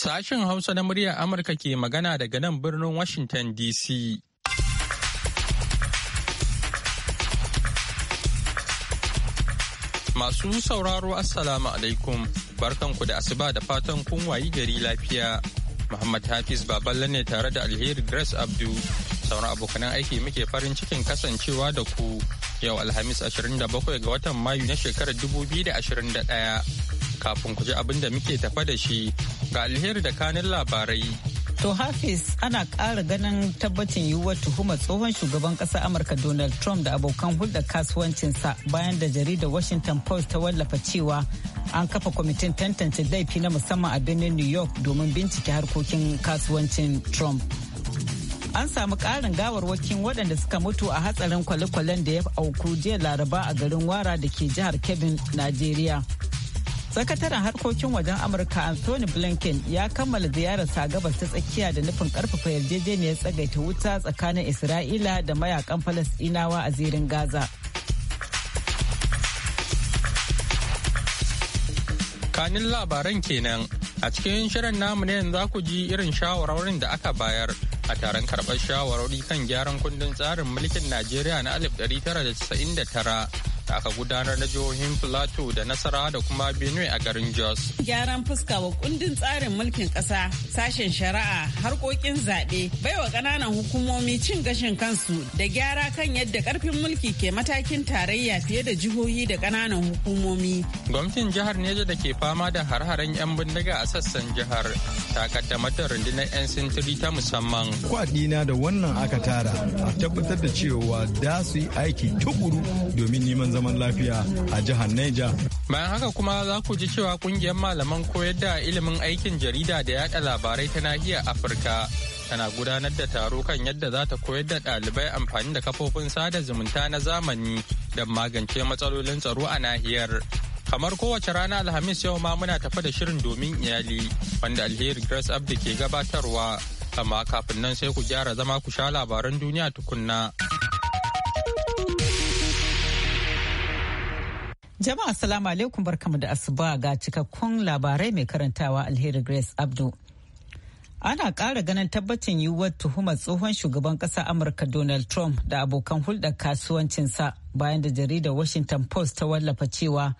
Sashen Hausa na muryar Amurka ke magana daga nan birnin Washington DC. Masu sauraro Assalamu alaikum barkanku da asuba da fatan kun wayi gari lafiya. Muhammad Hafiz Baballe ne tare da Alheri Grace Abdu sauran abokanan aiki muke farin cikin kasancewa da ku yau Alhamis 27 ga watan Mayu na shekarar 2021 kafin ku ji abin da muke tafa da shi ga alheri da kanin labarai. To Hafiz ana ƙara ganin tabbacin yiwuwar tuhumar tsohon shugaban ƙasar Amurka Donald Trump da abokan hulɗar kasuwancinsa bayan da jaridar Washington Post ta wallafa cewa an kafa kwamitin tantance laifi na musamman a birnin New York domin bincike harkokin kasuwancin Trump. an samu ƙarin gawarwakin waɗanda suka mutu a hatsarin kwale-kwalen da ya auku jiya laraba a garin wara da ke jihar kebin najeriya sakataren harkokin wajen amurka anthony blinken ya kammala ziyararsa gabas ta tsakiya da nufin karfafa yarjejeniyar tsagaita wuta tsakanin isra'ila da mayakan falasɗinawa a zirin gaza kanin labaran kenan a cikin shirin namu ne yanzu ku ji irin shawarwarin da aka bayar a taron karɓar shawarwari kan gyaran kundin tsarin mulkin Najeriya na 1999 da aka gudanar na jihohin Plateau da Nasara da kuma Benue a garin Jos. Gyaran fuska wa kundin tsarin mulkin ƙasa, sashen shari'a, harkokin zaɓe, baiwa ƙananan hukumomi cin gashin kansu da gyara kan yadda ƙarfin mulki ke matakin tarayya fiye da jihohi da ƙananan hukumomi. Gwamnatin jihar Neja da ke fama da harharen 'yan bindiga a sassan jihar ta kaddamar da rundunar 'yan sintiri ta musamman. kwadina da wannan aka tara a tabbatar da cewa da su yi aiki tukuru domin neman zaman lafiya a jihar Neja. Bayan haka kuma za ku ji cewa kungiyar malaman koyar da ilimin aikin jarida da yada labarai ta nahiyar Afirka tana gudanar da taro kan yadda za ta koyar da ɗalibai amfani da kafofin sada zumunta na zamani don magance matsalolin tsaro a nahiyar. kamar kowace rana alhamis yau ma muna tafa da shirin domin iyali wanda alheri grace abdi ke gabatarwa amma kafin nan sai ku gyara zama ku sha labaran duniya tukunna. Jama'a salamu alaikum barkamu da asuba ga cikakkun labarai mai karantawa alheri Grace Abdu. Ana ƙara ganin tabbacin yiwuwar tuhumar tsohon shugaban ƙasa Amurka Donald Trump da abokan hulɗar kasuwancinsa bayan da jaridar Washington Post ta wallafa cewa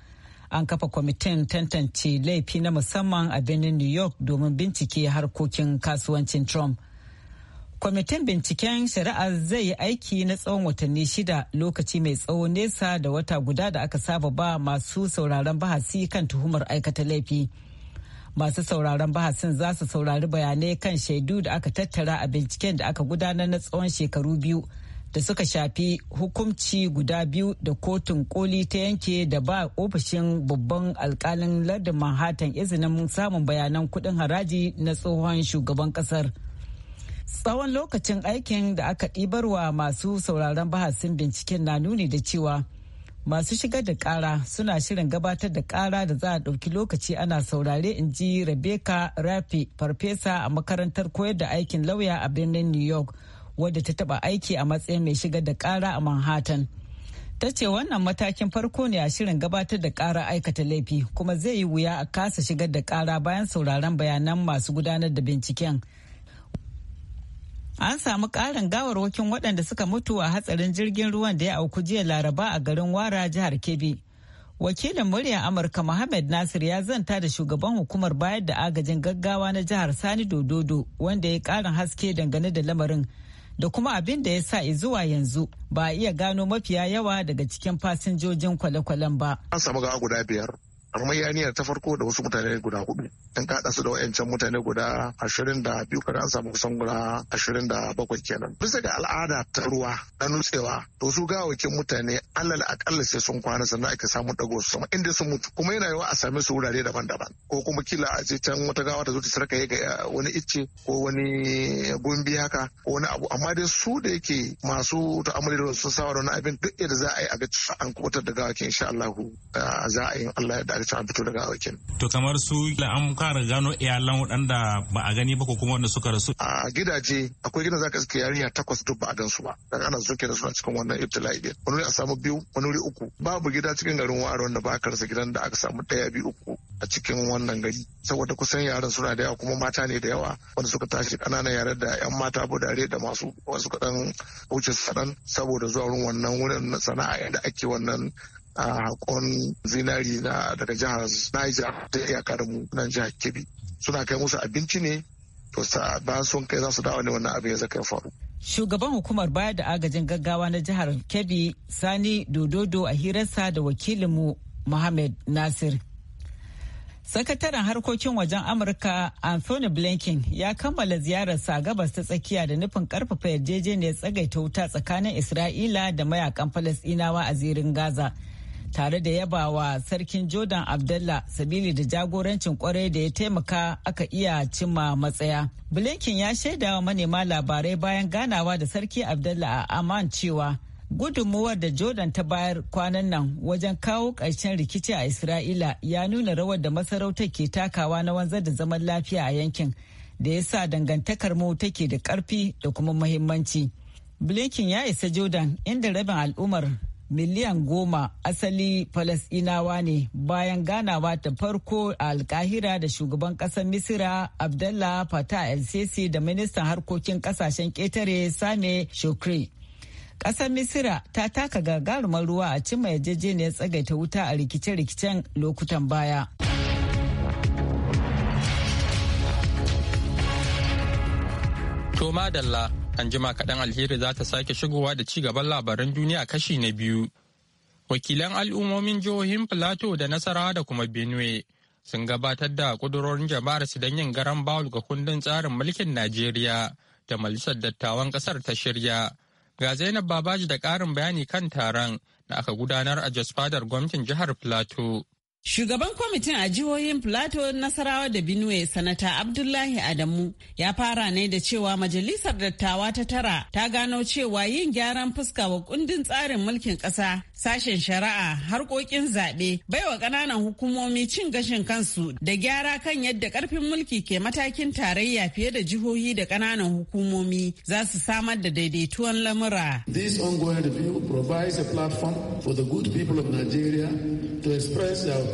an kafa kwamitin tantance laifi na musamman a birnin New York domin bincike harkokin kasuwancin Trump. kwamitin binciken shari'ar zai yi aiki na tsawon watanni shida lokaci mai tsawo nesa da wata guda da aka saba ba masu sauraron bahasi kan tuhumar aikata laifi masu sauraron bahasin za su saurari bayanai kan shaidu da aka tattara a binciken da aka gudanar na tsawon shekaru biyu da suka shafi hukumci guda biyu da kotun koli ta yanke da ba ofishin babban alkalin lardin manhattan izinin samun bayanan kudin haraji na tsohon shugaban kasar. Tsawon lokacin aikin da aka ɗibarwa masu sauraron bahasin binciken na nuni da cewa masu shigar da ƙara suna shirin gabatar da ƙara da za a ɗauki lokaci ana saurare in ji Rebecca Rafi farfesa a makarantar koyar da aikin lauya a birnin New York wadda ta taɓa aiki a matsayin mai shigar da ƙara a Manhattan. ta ce wannan matakin farko ne a shirin gabatar da ƙara aikata laifi kuma zai yi wuya a kasa shigar da ƙara bayan sauraron bayanan masu gudanar da binciken an samu ƙarin gawarwakin waɗanda suka mutu a hatsarin jirgin ruwan da ya auku jiya laraba a garin wara jihar kebbi wakilin muryar amurka Mohammed nasir ya zanta da shugaban hukumar bayar da agajin gaggawa na jihar sani dododo wanda ya ƙarin haske dangane da lamarin da kuma abin da ya sa zuwa yanzu ba a iya gano mafiya yawa daga cikin fasinjojin kwale-kwalen ba. An samu guda biyar hamayaniya ta farko da wasu mutane guda hudu an kada su da wayancan mutane guda ashirin da biyu kada an samu kusan guda ashirin da bakwai kenan bisa ga al'ada ta ruwa na nutsewa to su gawakin mutane alal akalla sai sun kwana sannan ake samu dago su sama inda sun mutu kuma yana yawa a same su wurare daban-daban ko kuma kila a je can wata gawa ta zo ta sarka ga eh, wani icce ko wani gumbi haka ko wani abu amma dai su da yake masu ta'amali da sun sawa da wani abin duk yadda za a yi a ga an kubutar da gawakin insha Allah eh, za a yi Allah ya riga ta fito daga awakin. To kamar su an kara gano iyalan waɗanda ba a gani ba ko kuma wanda suka rasu. A gidaje akwai gidan zaka iske yarinya takwas duk ba a gansu ba. Dan ana zuke da suna cikin wannan ibtila'i din. Wani a samu biyu wani wuri uku. Babu gida cikin garin waro wanda ba a rasa gidan da aka samu ɗaya biyu uku a cikin wannan gari. Saboda kusan yaran suna da yawa kuma mata ne da yawa wanda suka tashi ƙananan yaran da 'yan mata budare da masu wasu kaɗan wuce saɗan saboda zuwa wurin wannan wurin sana'a da ake wannan a hakon zinari na daga jihar niger da ya mu nan jihar kebbi suna kai musu abinci ne to ba sun kai za su dawo ne wannan abin ya zaka faru Shugaban hukumar bayar da agajin gaggawa na jihar Kebbi Sani Dododo a hirarsa da wakilinmu Mohammed Nasir. Sakataren harkokin wajen Amurka Anthony Blinken ya kammala ziyararsa a gabas ta tsakiya da nufin karfafa yarjejeniyar tsagaita wuta tsakanin Isra'ila da mayakan Falasɗinawa a zirin Gaza. tare da yabawa sarkin jordan abdallah sabili da jagorancin kwarai da ya taimaka aka iya cimma matsaya blinken ya shaidawa manema labarai bayan ganawa da sarki abdallah a aman cewa gudunmuwar da jordan ta bayar kwanan nan wajen kawo ƙarshen rikici a isra'ila ya nuna rawar da masarautar ke takawa na wanzar da zaman lafiya a yankin da ya sa dangantakar mu take da ƙarfi da kuma muhimmanci blinken ya isa jordan inda rabin al'ummar miliyan goma asali falasinawa ne bayan ganawa ta farko a alkahira da shugaban kasar misira abdallah fatah el sisi da ministan harkokin kasashen ketare same shukri kasar misira ta taka gagarumar ruwa a cimma yarjejeniyar tsagaita wuta a rikice-rikicen lokutan baya. toma Dalla anjima kaɗan alheri za ta sake shigowa da ci gaban labaran duniya kashi na biyu. Wakilan al'ummomin jihohin Filato da Nasarawa da kuma Benue sun gabatar da ƙudurorin jama'ar su don yin garan bawul ga kundin tsarin mulkin Najeriya da Majalisar Dattawan Ƙasar ta shirya. Ga Zainab Babaji da ƙarin bayani kan taron da aka gudanar a Jos Fadar gwamnatin jihar Filato. Shugaban kwamitin a jihohin Plateau, Nasarawa da Benue, Sanata Abdullahi Adamu ya fara ne da cewa Majalisar Dattawa ta tara ta gano cewa yin gyaran fuska wa kundin tsarin mulkin ƙasa, sashen shari'a, harkokin zaɓe, baiwa ƙananan hukumomi cin gashin kansu da gyara kan yadda ƙarfin mulki ke matakin tarayya fiye da jihohi da ƙananan hukumomi za su samar da daidaituwan lamura. This ongoing review provides a platform for the good people of Nigeria to express their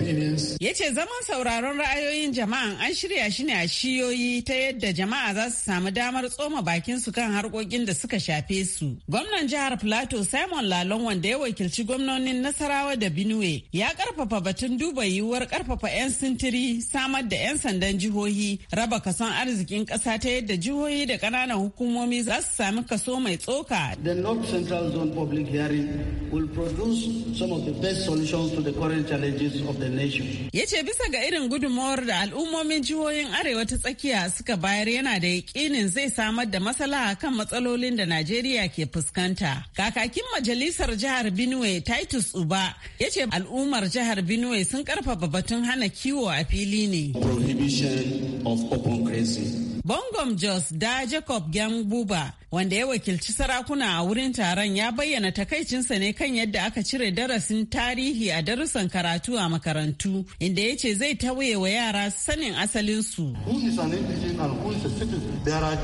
Ya ce zaman sauraron ra'ayoyin jama'an an shirya shi ne a shiyoyi ta yadda jama'a za su samu damar tsoma bakin su kan harkokin da suka shafe su. Gwamnan jihar Plateau Simon Lalon wanda ya wakilci gwamnonin Nasarawa da Benue ya karfafa batun duba yiwuwar karfafa 'yan sintiri samar da 'yan sandan jihohi raba kason arzikin kasa ta yadda jihohi da kananan hukumomi za su sami kaso mai tsoka. The North Central Zone Public Hearing will produce some of the best solutions to the current challenges of the the nation. Ya ce bisa ga irin gudunmawar da al'ummomin jihohin Arewa ta tsakiya suka bayar yana da yakinin zai samar da masala kan matsalolin da Najeriya ke fuskanta. Kakakin majalisar jihar Benue Titus Uba ya ce al'ummar jihar Benue sun karfafa batun hana kiwo a fili ne. Prohibition of open grazing. Bongom Jos da Jacob Buba wanda ya wakilci sarakuna a wurin taron ya bayyana takaicinsa ne kan yadda aka cire darasin tarihi a darussan karatu a makarantu inda ya ce zai tauye wa yara sanin asalinsu. Who is an indigenous who is a citizen? There are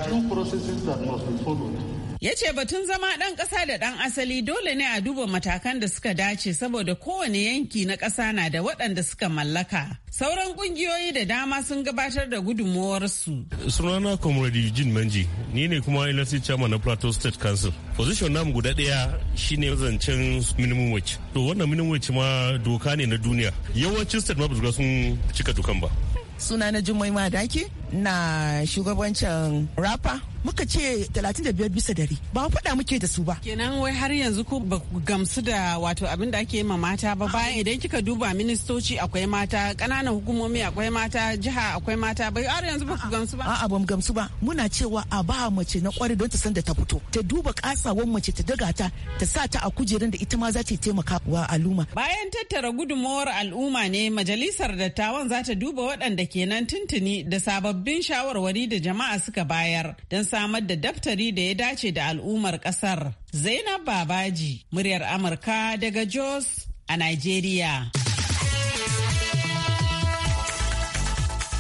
ya ce batun zama ɗan ƙasa da ɗan asali dole ne a duba matakan da suka dace saboda kowane yanki na ƙasa na da waɗanda suka mallaka sauran ƙungiyoyi da dama sun gabatar da gudunmuwarsu sunana comrade eugene manji ni ne kuma elected chairman na plateau state council position namu guda ɗaya shine zancen minimum wage to wannan minimum wage ma doka ne na duniya yawancin state ma ba sun cika dukan ba sunana jummai dake na shugabancin rapper muka ce 35 bisa dari ba faɗa muke da su ba kenan wai har yanzu ko ba gamsu da wato abin da ake ma mata ba bayan idan kika duba ministoci akwai mata ƙananan hukumomi akwai mata jiha akwai mata bai har yanzu ba ku gamsu ba a'a ba mu gamsu ba muna cewa a ba mace na kwari don ta san da ta fito ta duba kasawan mace ta daga ta ta sa ta a kujerin da ita ma za ta taimaka wa al'umma bayan tattara gudunmawar al'umma ne majalisar dattawan za ta duba waɗanda kenan tuntuni da sababbi. sababbin shawarwari da jama'a suka bayar don samar da daftari da ya dace da al'ummar kasar. Zainab Babaji, muryar Amurka daga Jos a Nigeria.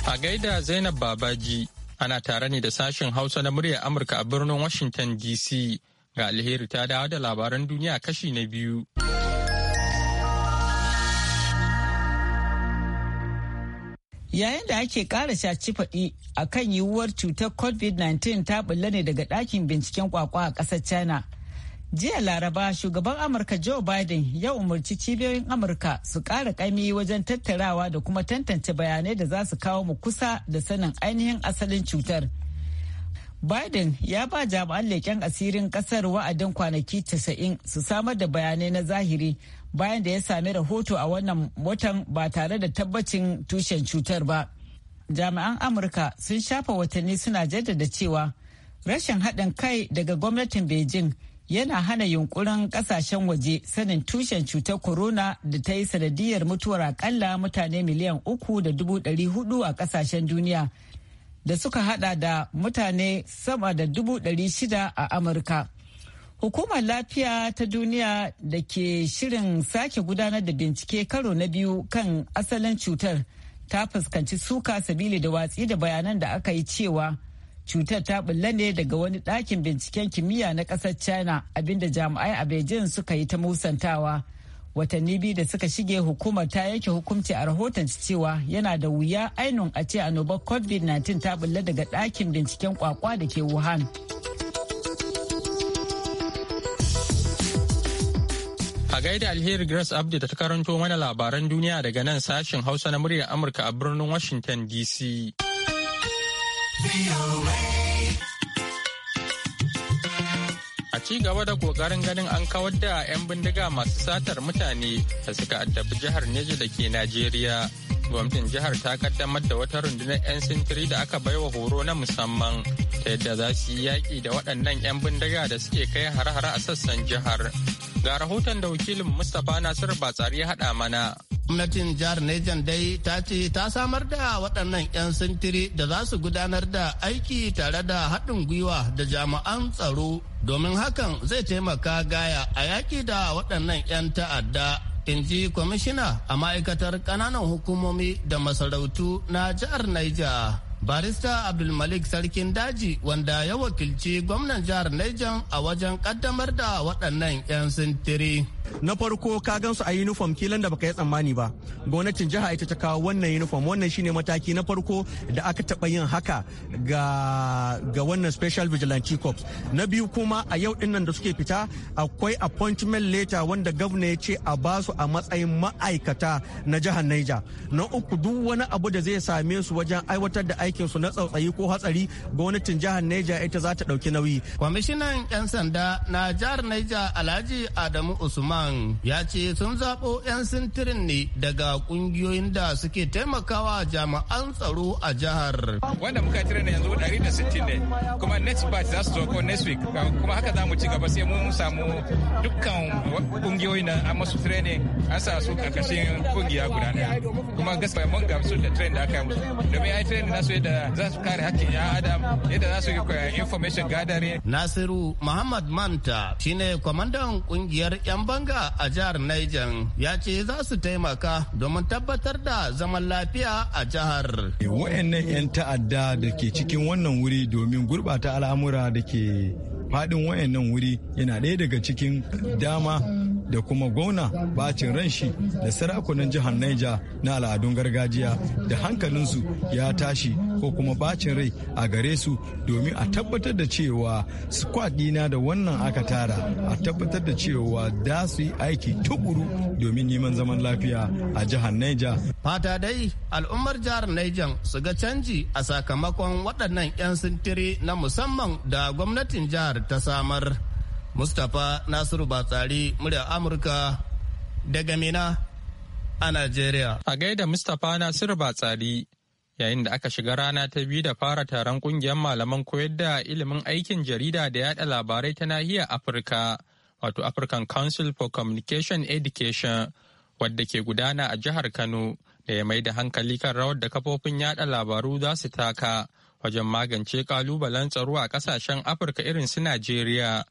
A gaida Zainab Babaji, ana tare ne da sashen Hausa na muryar Amurka a birnin Washington DC. Ga alheri ta dawo da labaran duniya kashi na biyu. yayin da ake ƙara shaci faɗi a kan yiwuwar cutar covid-19 ta bulla ne daga ɗakin binciken kwakwa a ƙasar china jiya laraba shugaban amurka joe biden ya umarci cibiyoyin amurka su ƙara ƙami wajen tattarawa da kuma tantance bayanai da za su kawo mu kusa da sanin ainihin asalin cutar biden ya ba jami'an leƙen asirin ƙasar wa'adin kwanaki 90 su samar da bayanai na zahiri bayan da ya sami rahoto a wannan watan ba tare da tabbacin tushen cutar ba. Jami'an Amurka sun shafa watanni suna jaddada cewa rashin haɗin kai daga gwamnatin Beijing yana hana yunkurin ƙasashen waje sanin tushen cutar corona da ta yi sanadiyar mutuwar akalla mutane miliyan uku da dubu ɗari hudu a ƙasashen duniya da suka hada da mutane sama da dubu ɗari shida a Amurka. Hukumar lafiya ta duniya da ke shirin sake gudanar da bincike karo na biyu kan asalin cutar ta fuskanci suka sabili da watsi da bayanan da aka yi cewa cutar ta bulla ne daga wani ɗakin binciken kimiyya na ƙasar China abinda jami'ai a Beijing suka yi ta musantawa. Watanni biyu da suka shige hukumar ta yake hukunci a rahoton cewa yana da wuya ainun a ce annobar COVID-19 ta bulla daga ɗakin binciken kwakwa da ke Wuhan. gaida alheri Grace Abdi ta karanto mana labaran duniya daga nan sashen Hausa na muryar Amurka a birnin Washington DC. A ci gaba da kokarin ganin an kawar da 'yan bindiga masu satar mutane da suka addabi jihar Neja da ke Najeriya. gwamnatin jihar ta kaddamar da wata rundunar 'yan sintiri da aka baiwa horo na musamman ta yadda za su yi yaƙi da waɗannan 'yan bindiga da suke kai har-har a sassan jihar ga rahoton da wakilin mustapha nasiru batsari ya haɗa mana gwamnatin jihar Nejan dai ta ce ta samar da waɗannan 'yan sintiri da za su gudanar da aiki tare da haɗin gwiwa da jami'an tsaro domin hakan zai taimaka gaya a yaƙi da waɗannan 'yan ta'adda in ji kwamishina a ma'aikatar ƙananan hukumomi da masarautu na jihar Niger. barista abdulmalik sarkin daji wanda ya wakilci gwamnan jihar Niger a wajen kaddamar da waɗannan 'yan sintiri. na farko ka gansu a uniform kilan da baka yi tsammani ba gwamnatin jiha ita ta kawo wannan uniform wannan shine mataki na farko da aka taɓa yin haka ga wannan special vigilante corps na biyu kuma a yau dinnan da suke fita akwai appointment letter wanda gwamna ya ce a ba su a matsayin ma'aikata na jihar Niger na uku duk wani abu da zai same su wajen aiwatar da aiki aikin su na tsautsayi ko hatsari gwamnatin jihar Niger ita za ta dauki nauyi. Kwamishinan 'yan sanda na jihar niger Alhaji Adamu Usman ya ce sun zaɓo 'yan sintirin ne daga ƙungiyoyin da suke taimakawa jami'an tsaro a jihar. Wanda muka tare ne yanzu 160 ne kuma next batch za su zo ko next week kuma haka za mu ci gaba sai mun samu dukkan kungiyoyin na an masu training an sa su ƙarƙashin ƙungiya guda ɗaya kuma gaskiya mun gamsu da training da aka yi musu domin ai training na su yadda za su kare hakkin ya adam yadda za su yi information gathering. Nasiru Muhammad Manta shine kwamandan kungiyar 'yan banga a jihar Niger ya ce za su taimaka domin tabbatar da zaman lafiya a jihar. Wa'annan 'yan ta'adda da ke cikin wannan wuri domin gurbata al'amura da ke faɗin wa'annan wuri yana ɗaya daga cikin dama da kuma gwamna bacin ran shi da sarakunan jihar Naija na al'adun gargajiya da hankalinsu ya tashi ko kuma bacin rai a gare su domin a tabbatar da cewa squad dina da wannan aka tara a tabbatar da cewa da su yi aiki tukuru domin neman zaman lafiya a jihar Naija. Fata dai al'ummar jihar naija su ga canji a sakamakon waɗannan 'yan sintiri na musamman da gwamnatin jihar ta samar. Mustapha Nasiru Batsari murya Amurka daga Mina a Najeriya. A gaida Mustapha Nasiru Batsari yayin da aka shiga rana ta biyu da fara taron kungiyar malaman koyar da ilimin aikin jarida da yada labarai ta nahiyar Afirka wato African Council for Communication Education wadda ke gudana a jihar Kano da ya mai da hankali kan rawar da kafofin yada labaru za su taka wajen magance kalubalen tsaro a kasashen Afirka irin su Najeriya.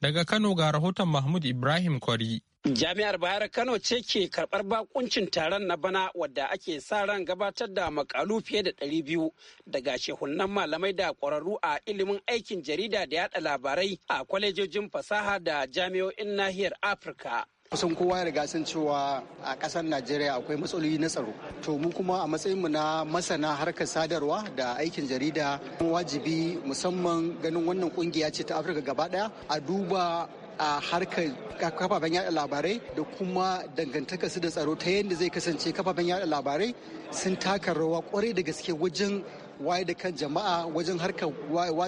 Daga Kano ga rahoton Mahmud Ibrahim Kwari. Jami'ar Bayar Kano ce ke karɓar bakuncin taron na bana wadda ake sa ran gabatar da makalu fiye da ɗari biyu daga shehunan malamai da ƙwararru a ilimin aikin jarida da yada labarai a kwalejojin fasaha da jami'o'in nahiyar Afirka. kusan kowa ya riga san cewa a ƙasar najeriya akwai matsaloli na tsaro to mu kuma a matsayin mu na masana harkar sadarwa da aikin jarida wajibi musamman ganin wannan kungiya ce ta afirka gaba daya a duba a harkar kafafen yada labarai da kuma dangantaka su da tsaro ta yadda zai kasance kafafen yada labarai sun taka rawa kwarai da gaske wajen waye da kan jama'a wajen harkar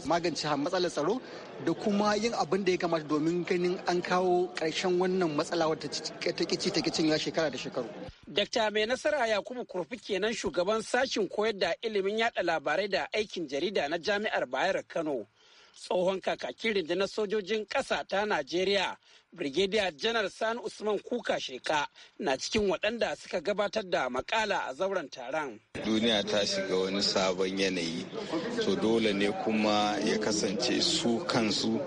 magance matsalar tsaro da kuma yin abin da ya kamata domin ganin an kawo karshen wannan matsala wata ta kici ta ya shekara da shekaru. Dakta mai nasara Yakubu Kurfi kenan shugaban sashin koyar da ilimin yada labarai da aikin jarida na Jami'ar Bayar Kano. tsohon kakakin rundunar sojojin ƙasa ta najeriya brigadier janar sani usman kuka sheka na cikin waɗanda suka gabatar da makala a zauren taron duniya ta shiga wani sabon yanayi to dole ne kuma ya kasance su kansu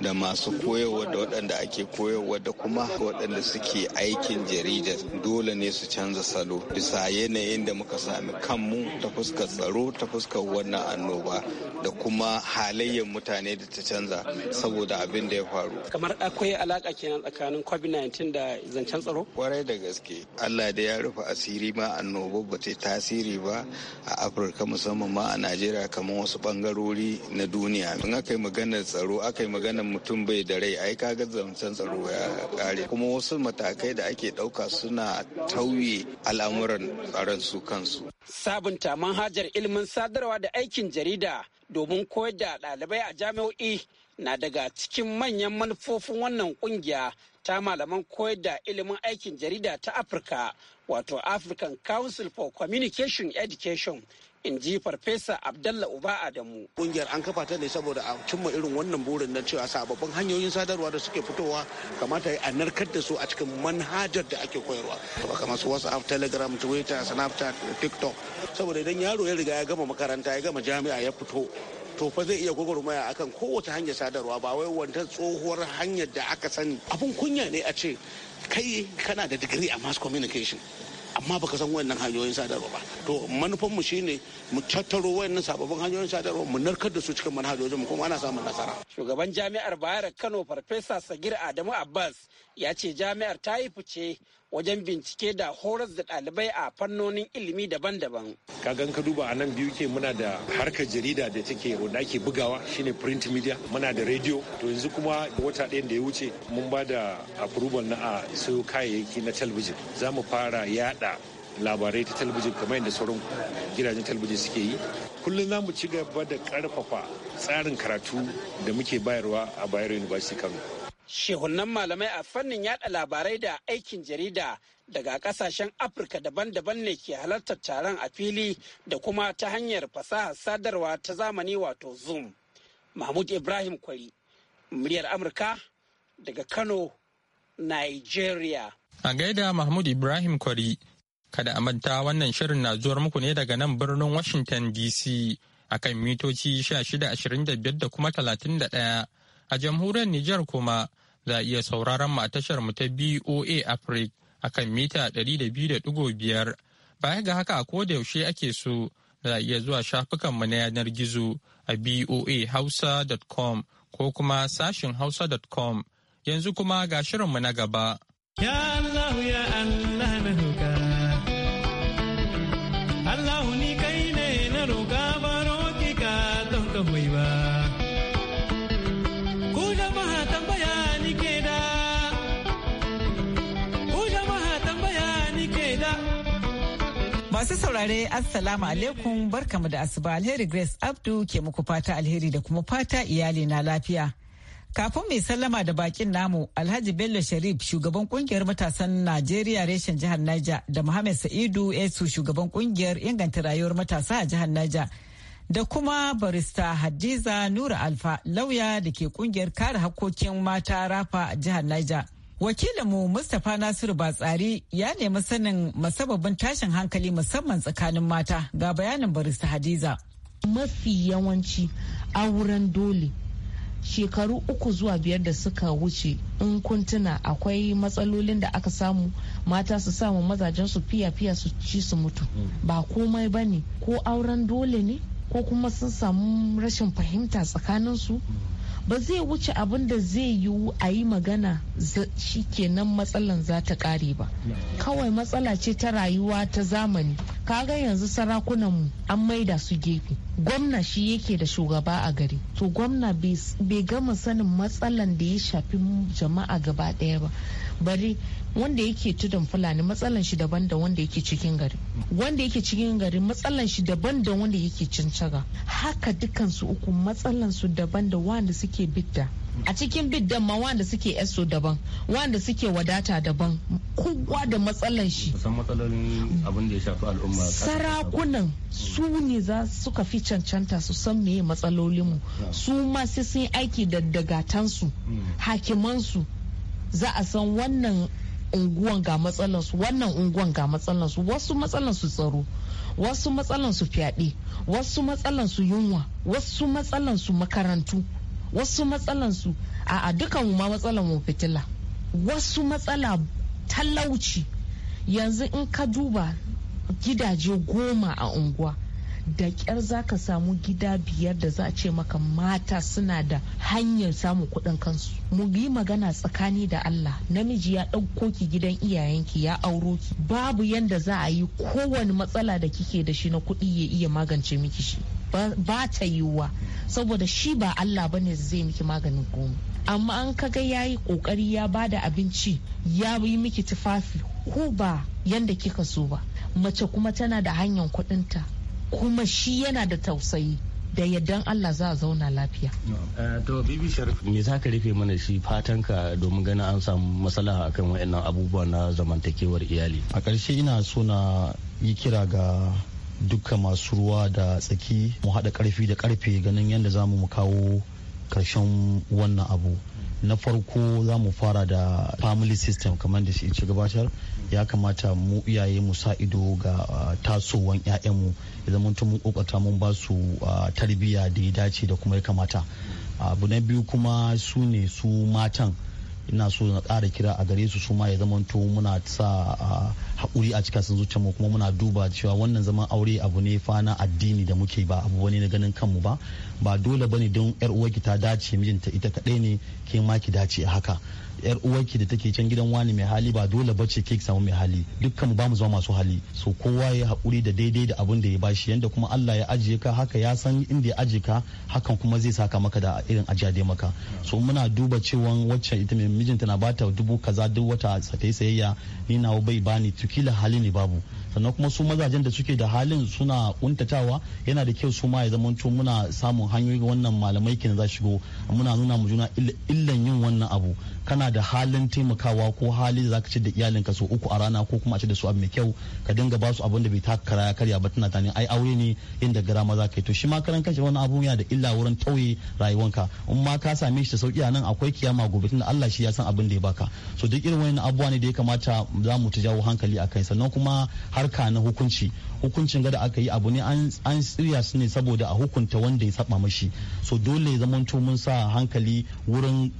da masu koyarwa da waɗanda ake koyarwa da kuma waɗanda suke aikin jarida dole ne su canza salo bisa yanayin da muka sami kanmu ta fuskar tsaro ta fuskar wannan annoba da kuma halayyar mutane da ta canza saboda abin da ya faru kamar akwai alaka kenan tsakanin covid-19 da zancen tsaro kwarai da gaske allah da ya rufe asiri ma annoba ba ta tasiri ba a afirka musamman ma a najeriya kamar wasu bangarori na duniya in aka yi maganar tsaro aka yi maganar mutum bai da rai ai kaga zancen tsaro ya kare kuma wasu matakai da ake ɗauka suna tauye al'amuran tsaron su kansu sabunta manhajar ilimin sadarwa da aikin jarida domin koyar da ɗalibai a jami'o'i na daga cikin manyan manufofin wannan kungiya ta malaman koyar da ilimin aikin jarida ta afirka wato African Council for Communication Education in ji farfesa abdalla uba adamu kungiyar an kafa ta ne saboda a cimma irin wannan burin na cewa sababbin hanyoyin sadarwa da suke fitowa kamata a narkar da su a cikin manhajar da ake koyarwa kamar su whatsapp telegram twitter snapchat tiktok saboda idan yaro ya riga ya gama makaranta ya gama jami'a ya fito to fa zai iya gwagwarmaya akan kowace hanyar sadarwa ba wai wata tsohuwar hanyar da aka sani abun kunya ne a ce kai kana da digiri a mass communication amma baka san wayannan hanyoyin sadarwa ba to manufan mu shine mu tattaro wayannan sababbin hanyoyin sadarwa mu narkar da su cikin manhajojin mu kuma ana samun nasara shugaban jami'ar bayar Kano farfesa Sagir Adamu Abbas ya ce jami'ar ta yi fice wajen bincike da horas da ɗalibai a fannonin ilimi daban-daban. ka gan ka duba a nan biyu ke muna da harkar jarida da take wanda ake bugawa shine print media muna da radio to yanzu kuma wata ɗayan da ya wuce mun ba da approval na a sayo kayayyaki na talabijin za mu fara yada labarai ta talabijin kamar yadda sauran gidajen talabijin suke yi kullum za mu ci gaba da karfafa tsarin karatu da muke bayarwa a bayero university kano shehunan malamai a fannin yada labarai da aikin jarida daga kasashen afirka daban-daban ne ke halartar taron a fili da kuma ta hanyar fasaha sadarwa ta zamani wato zoom mahmud ibrahim kwari muryar amurka daga kano nigeria a gaida mahmud ibrahim kwari kada a manta wannan shirin na zuwar muku ne daga nan birnin washington dc a kan mitoci 1625 da kuma 31 a jamhuriyar Nijar kuma za a iya sauraron mu a tashar mu ta BOA Africa akan mita 200.5 baya ga haka a koda yaushe ake so za a iya zuwa shafukan mu na yanar gizo a boahausa.com ko kuma sashin hausa.com yanzu kuma ga shirin mu na gaba. saurare Assalamu alaikum barkamu da asuba alheri Grace Abdu ke muku fata alheri da kuma fata iyali na lafiya. Kafin mai sallama da bakin namu Alhaji Bello Sharif shugaban kungiyar matasan Najeriya reshen jihar Naija. da Muhammad Sa'idu Esu shugaban kungiyar inganta rayuwar matasa a jihar Naija. da kuma barista Hadiza Nura Alfa lauya da ke kungiyar kare hakkokin mata rafa a jihar Naija. Wakilinmu Mustapha Nasiru Batsari ya nemi sanin masababin tashin hankali musamman tsakanin mata ga bayanin barista Hadiza. Mafi yawanci auren dole shekaru uku zuwa biyar da suka wuce in kuntuna akwai matsalolin da aka samu mata su samu mazajen su fiya-fiya su ci su mutu ba komai ba ko auren dole ne ko kuma sun samu rashin fahimta tsakaninsu ba zai wuce abin da zai yiwu a yi magana shi kenan matsalan za ta kare ba kawai matsala ce ta rayuwa ta zamani kaga yanzu sarakunanmu an maida su gefe gwamna shi yake da shugaba a gari to gwamna bai gama sanin matsalan da ya shafi jama'a gaba ɗaya ba bari wanda yake tudun fulani matsalan shi daban da wanda yake cikin gari wanda yake cikin gari matsalan shi daban da wanda yake cancaga haka su uku matsalan su daban da wanda suke bidda a cikin bidda ma wanda suke eso daban wanda suke wadata daban kowa da matsalan shi abin da ya shafi al'umma sarakunan su ne za suka fi cancanta su san meye matsalolinmu su ma sai sun aiki da dagatansu mm. hakimansu za a san wannan unguwan ga matsalansu wannan unguwan ga matsalansu wasu matsalansu tsaro wasu matsalansu fyaɗe wasu matsalansu yunwa wasu matsalansu makarantu wasu matsalansu a dukan ma matsalan mu fitila wasu matsala talauci yanzu in ka duba gidaje goma a unguwa da kyar za ka samu gida biyar da za a ce maka mata suna da hanyar samun kuɗin kansu mu yi magana tsakani da Allah namiji ya ɗauko ki gidan iyayenki ya auro ki babu yanda za a yi kowane matsala da kike da shi na kuɗi ya iya magance miki shi ba ta yiwuwa saboda shi ba Allah bane zai miki maganin goma amma an kaga ya yi kokari ya ba da abinci ya yi miki tufafi ko ba yanda kika so ba mace kuma tana da hanyar kuɗinta kuma shi yana da tausayi da yaddan Allah za a zauna lafiya. Eh, to Bibi Sharif me za ka rufe mana shi fatanka domin ganin an samu a akan waɗannan abubuwa na zamantakewar iyali. A ƙarshe ina so na yi kira ga duka masu ruwa da tsaki mu haɗa ƙarfi da ƙarfe ganin yadda za mu kawo ƙarshen wannan abu. na farko za mu fara da family system kamar da shi gabatar ya kamata mu iyaye mu sa ido ga ah, tasowan 'ya'yanmu ya mun mun kokata mun ba su ah, tarbiyya da ya dace da kuma ya kamata abu na biyu kuma su ne su matan ina so na ƙara kira a gare su suma ya zamanto muna sa ah, haƙuri a cikin zuciyar mu kuma muna duba cewa wannan zaman aure abu ne fa na addini da muke ba abu wani na ganin kanmu ba ba dole bane don yar uwarki ta dace mijinta ita kadai ne ke ma ki dace haka yar uwarki da take can gidan wani mai hali ba dole bace ke samu mai hali dukkan ba mu zama masu hali so kowa ya haƙuri da daidai da abin da ya bashi yanda kuma Allah ya ajiye ka haka ya san inda ya ajiye ka hakan kuma zai saka maka da irin ajiya da maka so muna duba cewa wacce ita mai mijinta na bata dubu kaza duk wata ta yi sayayya ni nawa bai bani tukila hali ne babu sannan kuma su mazajen da suke da halin suna kuntatawa yana da kyau su ma ya zamanto muna samun hanyoyi wannan malamai kenan za shigo muna nuna mu juna illan yin wannan abu kana da halin taimakawa ko hali da zaka ci da iyalinka so uku a rana ko kuma a ci da su abu mai kyau ka dinga ba su abin da bai taka ya karya ba tana tani ai aure ne inda gara ma za ka yi to shi ma karan kanshi wannan abu yana da illa wurin tauye rayuwanka in ma ka same shi da sauki a nan akwai kiyama gobe tunda Allah shi ya san abin da ya baka so duk irin wannan abu ne da ya kamata za mu ta jawo hankali a kai sannan kuma harka na hukunci hukuncin gada aka yi abu ne an tsirya su ne saboda a hukunta wanda ya saba mashi so dole ya zamanto mun sa hankali wurin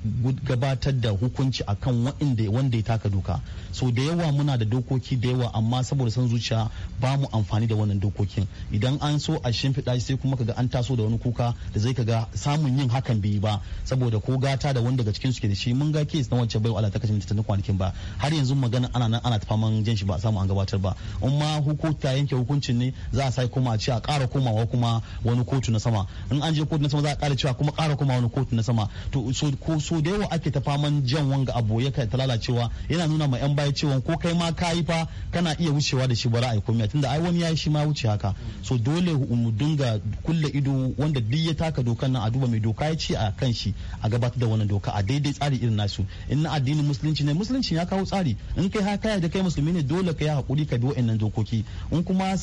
gabatar da hukunci akan wanda ya taka doka so da yawa muna da dokoki da yawa amma saboda san zuciya ba mu amfani da wannan dokokin idan an so a shimfiɗa sai kuma kaga an taso da wani kuka da zai kaga samun yin hakan bai ba saboda ko gata da wanda daga cikin su ke da shi mun ga kes na wancan bai Allah ta kashe tattalin kwanakin ba har yanzu magana ana nan ana faman jan shi ba a samu an gabatar ba in ma hukunta yanke hukuncin ne za a sai kuma a ce a ƙara komawa kuma wani kotu na sama in an je kotu na sama za a kara cewa kuma kara kuma wani kotu na sama to so ko so da yawa ake ta faman jan wanga abu ya kai ta lalacewa yana nuna ma yan baya cewa ko kai ma kayi fa kana iya wucewa da shi bara za a yi komai tunda ai wani ya shi ma wuce haka so dole mu dinga kulle ido wanda duk ya taka dokan nan a duba mai doka ya ce a kan shi a gabatar da wannan doka a daidai tsari irin nasu in na addinin musulunci ne musulunci ya kawo tsari in kai haka da kai musulmi ne dole ka yi hakuri ka bi wa'annan dokoki in kuma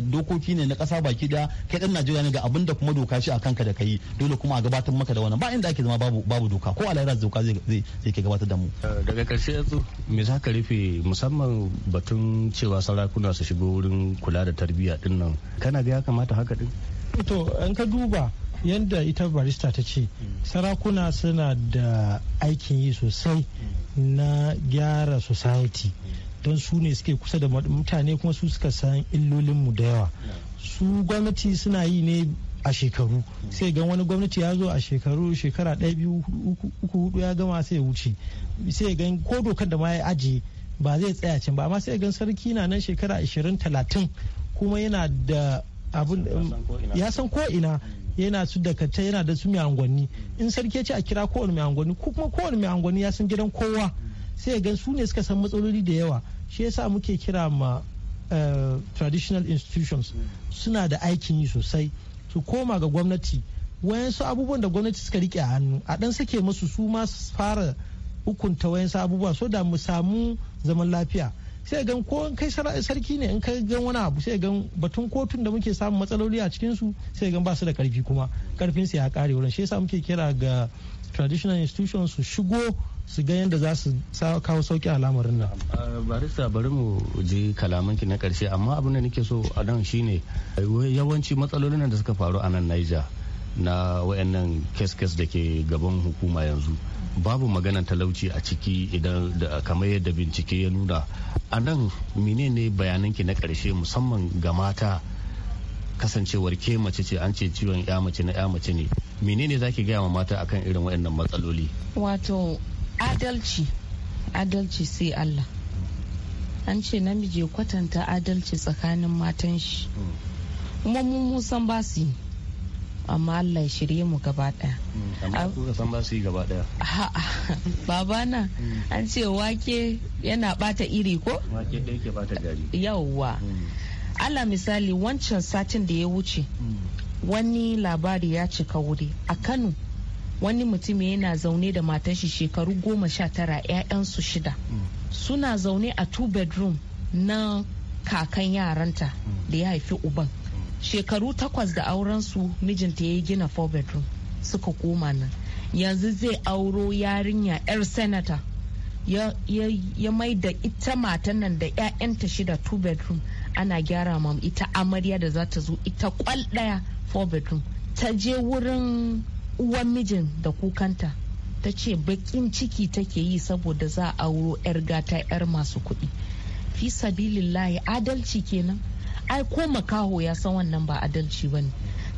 dokoki ne na kasa baki daya kai dan Najeriya ne ga abin da kuma doka shi a kanka da kai dole kuma a gabatar maka da wannan ba inda ake zama babu babu doka ko alaira doka zai zai ke gabatar da mu daga karshe yanzu me za ka rufe musamman batun cewa sarakuna su shigo wurin kula da tarbiyya din nan kana ga ya kamata haka din to an ka duba yadda ita barista ta ce sarakuna suna da aikin yi sosai na gyara society don su ne suke kusa da mutane kuma su suka san illolinmu da yawa su gwamnati suna yi ne a shekaru sai ga wani gwamnati ya zo a shekaru shekara ɗaya biyu uku hudu ya gama sai wuce sai ga ko dokar da ma ya aji ba zai tsaya can ba amma sai ga sarki na nan shekara ashirin talatin kuma yana da abun ya san ko ina yana su dakata yana da su mai angwanni in sarki ya ce a kira kowane mai angwanni ko kuma kowane mai angwanni ya san gidan kowa sai ga su ne suka san matsaloli da yawa shi yasa muke kira ma eh, traditional institutions suna da aikin yi sosai su koma ga gwamnati wayansu abubuwan da gwamnati suka rike a hannu a dan suke musu su ma su fara hukunta wayansu abubuwa so da mu samu zaman lafiya sai gan ko kai sarki ne in kai gan wani abu sai gan batun kotun da muke samun matsaloli a cikin su sai gan ba su da karfi kuma karfin su ya kare wurin shi yasa muke kira ga traditional institutions su shigo su ga yadda za su kawo sauki a lamarin nan. Ah, barista bari mu ji kalamanki na karshe amma abin da nake so a nan shine yawanci matsalolin da suka faru a nan Niger na wayannan kes-kes da ke gaban hukuma yanzu babu maganan talauci a ciki idan kamar yadda bincike ya nuna a nan menene bayananki na karshe musamman ga mata kasancewar ke mace ce an ce ciwon ya mace na ya mace ne menene zaki gaya wa mata akan irin wayannan matsaloli wato adalci adalci sai allah an ce namiji ya kwatanta adalci tsakanin matan shi kuma mun musan ba su yi amma allah ya shirye mu gaba daya hmm, amma kuka san ba su yi gaba daya babana hmm. an ce wake yana bata iri ko wake da yake bata gari yawwa hmm. allah misali wancan satin da ya wuce wani labari ya cika wuri a kano wani mutum yana zaune da matar shi shekaru goma sha tara 'ya'yansu shida suna zaune a two bedroom na kakan yaranta da ya haifi uban shekaru takwas da aurensu mijinta ya yi gina four bedroom suka koma nan yanzu zai auro yarinya 'yar senator ya, mai da ita matan nan da 'ya'yanta shida two bedroom ana gyara ma ita amarya da za ta zo ita kwal daya four bedroom ta je wurin uwan mijin da kukanta ta ce bakin ciki take yi saboda za a auro 'yar gata 'yar masu kuɗi fi sabilillahi adalci kenan ai ko makaho ya san wannan ba adalci bane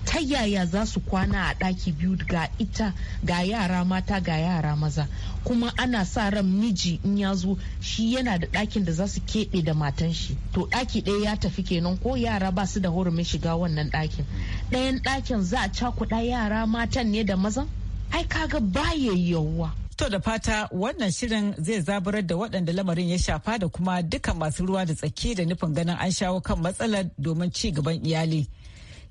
ta yaya za su kwana a ɗaki biyu ga ita ga yara mata ga yara maza kuma ana sa ran miji in ya zo shi yana da ɗakin da za su keɓe da matan shi to ɗaki ɗaya ya tafi kenan ko yara ba su da hurumin shiga wannan ɗakin ɗayan ɗakin za a cakuɗa yara matan ne da mazan ai kaga baya yawwa To da fata wannan shirin zai zaburar da waɗanda lamarin ya shafa da kuma dukkan masu ruwa da tsaki da nufin ganin an shawo kan matsalar domin ci gaban iyali.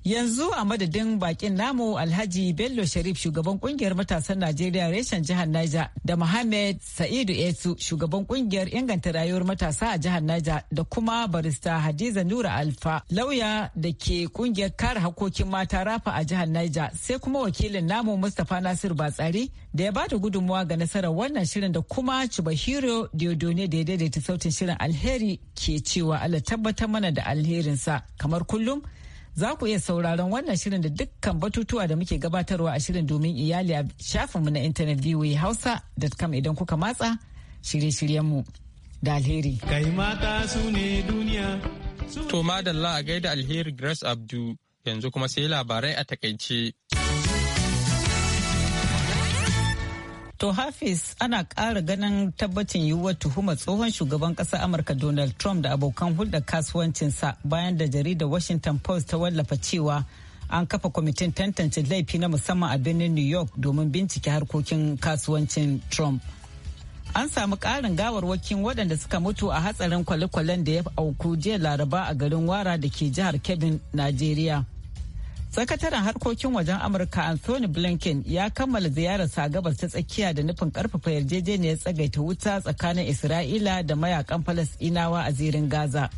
Yanzu a madadin bakin namu Alhaji Bello Sharif shugaban kungiyar matasan Najeriya reshen jihar Niger da Mohammed Sa'idu Etu shugaban kungiyar inganta rayuwar matasa a jihar Niger da kuma barista Hadiza Nura Alfa lauya da ke kungiyar kare hakokin mata rafa a jihar Niger sai kuma wakilin namu Mustapha Nasir Batsari da ya bada gudunmuwa ga nasarar wannan shirin da kuma Chibahiro Diodone da ya daidaita sautin shirin alheri ke cewa Allah tabbatar mana da alherinsa kamar kullum. Za ku iya sauraron wannan shirin da dukkan batutuwa da muke gabatarwa a shirin domin iyali a shafinmu na intanet hausa da voahausa.com idan kuka matsa shirye-shiryenmu da alheri. Kai mata su ne duniya. To madalla a gaida alheri Grace Abdu yanzu kuma sai labarai a takaice. To Hafiz ana kara ganin tabbacin yiwuwar tuhumar tsohon shugaban ƙasar Amurka Donald Trump da abokan hulɗar kasuwancinsa bayan da jaridar Washington Post ta wallafa cewa an kafa kwamitin tantance laifi na musamman a birnin New York domin bincike harkokin kasuwancin Trump. An samu ƙarin gawarwakin waɗanda suka mutu a hatsarin kwale-kwalen da ya auku jiya Laraba a garin Wara da ke jihar Kebbi, Najeriya. Sakataren harkokin wajen Amurka Anthony Blinken ya kammala ziyararsa gabas ta tsakiya da nufin karfafa yarjejeniyar tsagaita wuta tsakanin Isra'ila da mayakan Falasɗinawa a zirin Gaza.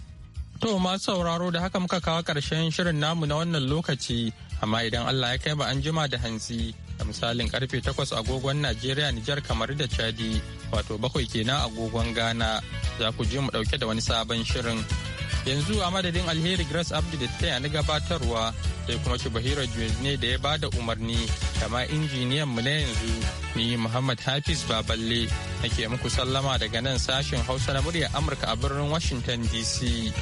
To masu sauraro da haka muka kawo ƙarshen shirin namu na wannan lokaci, amma idan Allah ya kai ba an jima da hantsi, da misalin karfe takwas agogon Najeriya Nijar kamar da Chadi, wato bakwai kenan agogon Ghana, za ku je mu ɗauke da wani sabon shirin. yanzu a madadin alheri grace abdu da ta na gabatarwa sai kuma bahira ne da ya ba da umarni kama injiniyan mu na yanzu ni muhammad hafiz baballe nake muku sallama daga nan sashen hausa na murya amurka a birnin washington dc